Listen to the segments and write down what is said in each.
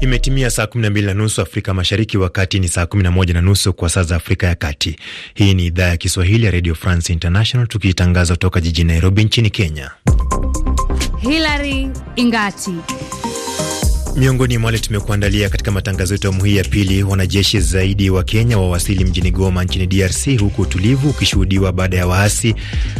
Imetimia saa 12 na nusu Afrika Mashariki, wakati ni saa 11 na nusu kwa saa za Afrika ya Kati. Hii ni idhaa ya Kiswahili ya Radio France International, tukitangaza kutoka jijini Nairobi nchini Kenya. Hilary Ingati Miongoni mwa wale tumekuandalia katika matangazo yetu awamu hii ya pili: wanajeshi zaidi wa Kenya wawasili mjini Goma nchini DRC, huku utulivu ukishuhudiwa baada ya waasi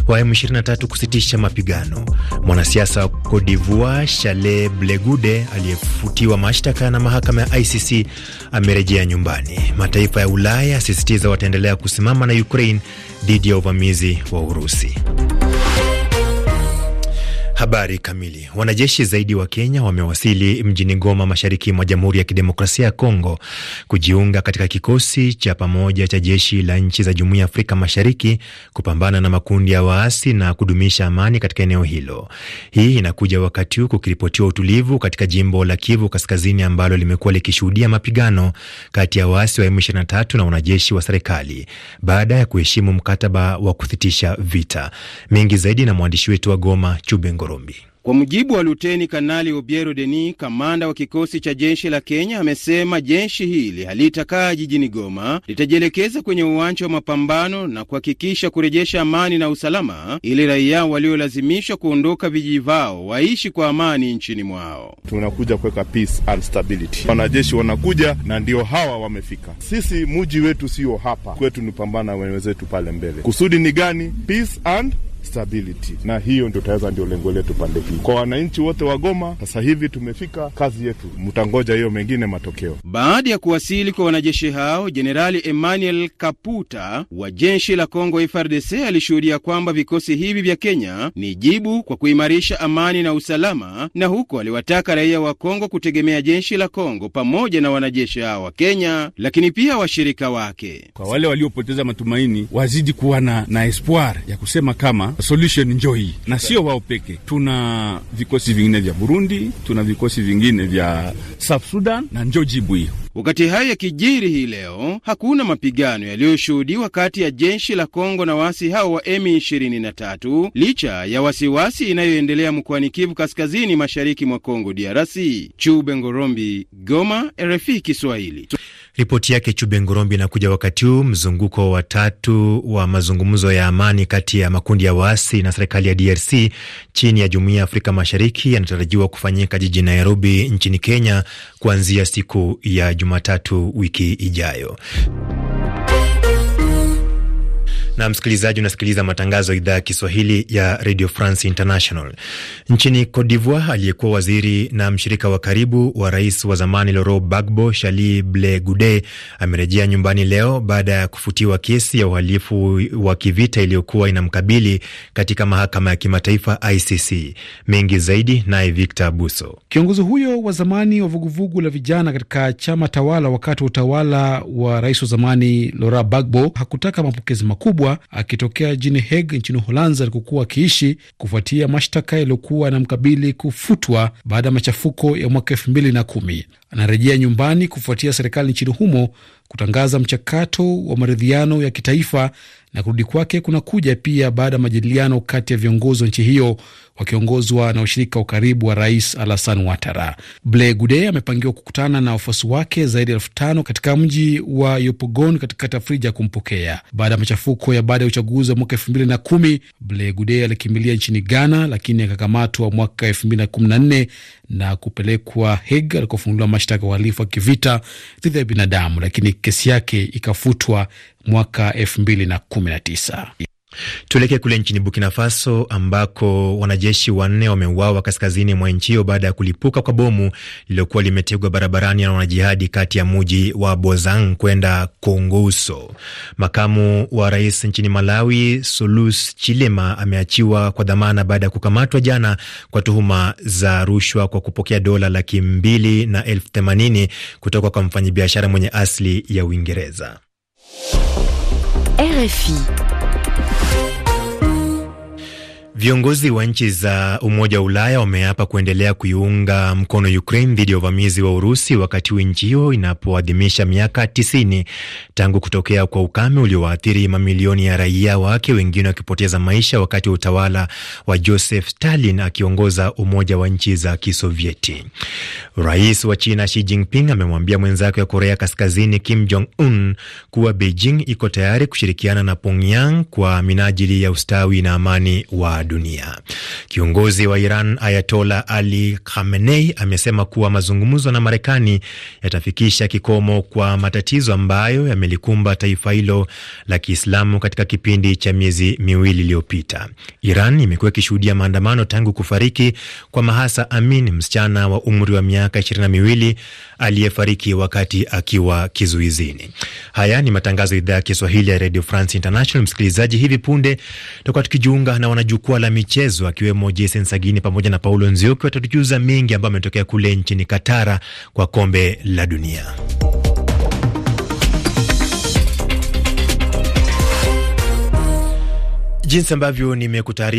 wa M23 kusitisha mapigano. Mwanasiasa wa Cote d'Ivoire Chale Blegude aliyefutiwa mashtaka na mahakama ya ICC amerejea nyumbani. Mataifa ya Ulaya asisitiza wataendelea kusimama na Ukraine dhidi ya uvamizi wa Urusi. Habari kamili. Wanajeshi zaidi wa Kenya wamewasili mjini Goma, mashariki mwa Jamhuri ya Kidemokrasia ya Kongo, kujiunga katika kikosi cha pamoja cha jeshi la nchi za Jumuiya ya Afrika Mashariki kupambana na makundi ya waasi na kudumisha amani katika eneo hilo. Hii inakuja wakati huu kukiripotiwa utulivu katika jimbo la Kivu Kaskazini ambalo limekuwa likishuhudia mapigano kati ya waasi wa M23 na wanajeshi wa serikali baada ya kuheshimu mkataba wa kusitisha vita. Mengi zaidi na mwandishi wetu wa Goma, Chubengo. Korombi. Kwa mujibu wa luteni kanali Obiero Denis, kamanda wa kikosi cha jeshi la Kenya, amesema jeshi hili halitakaa jijini Goma, litajielekeza kwenye uwanja wa mapambano na kuhakikisha kurejesha amani na usalama, ili raia waliolazimishwa kuondoka vijiji vao waishi kwa amani nchini mwao. Tunakuja kuweka peace and stability. Wanajeshi wanakuja na ndio hawa wamefika. Sisi muji wetu sio hapa kwetu, ni pambana wenzetu pale mbele. Kusudi ni gani? Peace and stability, na hiyo ndio taweza, ndio lengo letu pande hii. Kwa wananchi wote wa Goma, sasa hivi tumefika kazi yetu, mtangoja hiyo mengine matokeo. Baada ya kuwasili kwa wanajeshi hao, Jenerali Emmanuel Kaputa wa jeshi la Congo FRDC alishuhudia kwamba vikosi hivi vya Kenya ni jibu kwa kuimarisha amani na usalama, na huko aliwataka raia wa Kongo kutegemea jeshi la Kongo pamoja na wanajeshi hao wa Kenya, lakini pia washirika wake. Kwa wale waliopoteza matumaini, wazidi kuwa na, na espoir ya kusema kama solution njo hii, na sio wao peke. Tuna vikosi vingine vya Burundi, tuna vikosi vingine vya South Sudan na njo jibu hiyo. Wakati haya yakijiri hii leo, hakuna mapigano yaliyoshuhudiwa kati ya jeshi la Kongo na waasi hao wa M23 licha ya wasiwasi inayoendelea mkoani Kivu Kaskazini, mashariki mwa Kongo DRC. Chube Ngorombi, Goma, RFI Kiswahili. Ripoti yake Chube Ngurombi inakuja wakati huu mzunguko wa tatu wa mazungumzo ya amani kati ya makundi ya waasi na serikali ya DRC chini ya Jumuiya ya Afrika Mashariki yanatarajiwa kufanyika jijini Nairobi nchini Kenya kuanzia siku ya Jumatatu wiki ijayo. Na msikilizaji, unasikiliza matangazo ya idhaa ya Kiswahili ya Radio France International. Nchini Cote d'Ivoire, aliyekuwa waziri na mshirika wa karibu wa rais wa zamani Laurent Gbagbo, Charles Ble Gude, amerejea nyumbani leo baada ya kufutiwa kesi ya uhalifu wa kivita iliyokuwa inamkabili katika mahakama ya kimataifa ICC. Mengi zaidi naye Victor Buso. Kiongozi huyo wa zamani wa vuguvugu la vijana katika chama tawala wakati wa utawala wa rais wa zamani Laurent Gbagbo hakutaka mapokezi makubwa alikuwa akitokea jini heg nchini Uholanzi alikokuwa akiishi kufuatia mashtaka yaliyokuwa yanamkabili kufutwa baada ya machafuko ya mwaka elfu mbili na kumi anarejea nyumbani kufuatia serikali nchini humo kutangaza mchakato wa maridhiano ya kitaifa, na kurudi kwake kunakuja pia baada ya majadiliano kati ya viongozi wa nchi hiyo wakiongozwa na ushirika wa karibu wa rais Alassane Ouattara. Ble Gude amepangiwa kukutana na wafuasi wake zaidi ya elfu tano katika mji wa Yopogon katika tafrija kumpokea baada ya machafuko ya baada ya uchaguzi wa mwaka elfu mbili na kumi. Ble Gude alikimbilia nchini Ghana lakini akakamatwa mwaka elfu mbili na kumi na nne na kupelekwa Hague alikofunguliwa mashtaka ya uhalifu wa kivita dhidi ya binadamu, lakini kesi yake ikafutwa mwaka elfu mbili na kumi na tisa. Tuelekee kule nchini Burkina Faso ambako wanajeshi wanne wameuawa kaskazini mwa nchi hiyo baada ya kulipuka kwa bomu lililokuwa limetegwa barabarani na wanajihadi kati ya muji wa Bozang kwenda Konguso. Makamu wa rais nchini Malawi, Solus Chilima, ameachiwa kwa dhamana baada ya kukamatwa jana kwa tuhuma za rushwa kwa kupokea dola laki mbili na elfu themanini kutoka kwa mfanyabiashara mwenye asili ya Uingereza. RFI Viongozi wa nchi za Umoja wa Ulaya wameapa kuendelea kuiunga mkono Ukraine dhidi ya uvamizi wa Urusi wakati huu nchi hiyo inapoadhimisha miaka 90 tangu kutokea kwa ukame uliowaathiri mamilioni ya raia wake, wengine wakipoteza maisha wakati wa utawala wa Joseph Stalin akiongoza Umoja wa Nchi za Kisovieti. Rais wa China Xi Jinping amemwambia mwenzake wa Korea Kaskazini Kim Jong Un kuwa Beijing iko tayari kushirikiana na Pyongyang kwa minajili ya ustawi na amani wa dunia. Kiongozi wa Iran Ayatola Ali Khamenei amesema kuwa mazungumzo na Marekani yatafikisha kikomo kwa matatizo ambayo yamelikumba taifa hilo la Kiislamu katika kipindi cha miezi miwili iliyopita. Iran imekuwa ikishuhudia maandamano tangu kufariki kwa Mahasa Amin, msichana wa umri wa miaka ishirini na miwili aliyefariki wakati akiwa kizuizini. Haya ni matangazo ya idhaa ya Kiswahili ya Radio France International. Msikilizaji, hivi punde tutakuwa tukijiunga na wanajukwaa jukwaa la michezo, akiwemo Jason Sagini pamoja na Paulo Nzioki watatujuza mengi ambayo ametokea kule nchini Katara kwa kombe la dunia. Jinsi ambavyo nimekutaarifu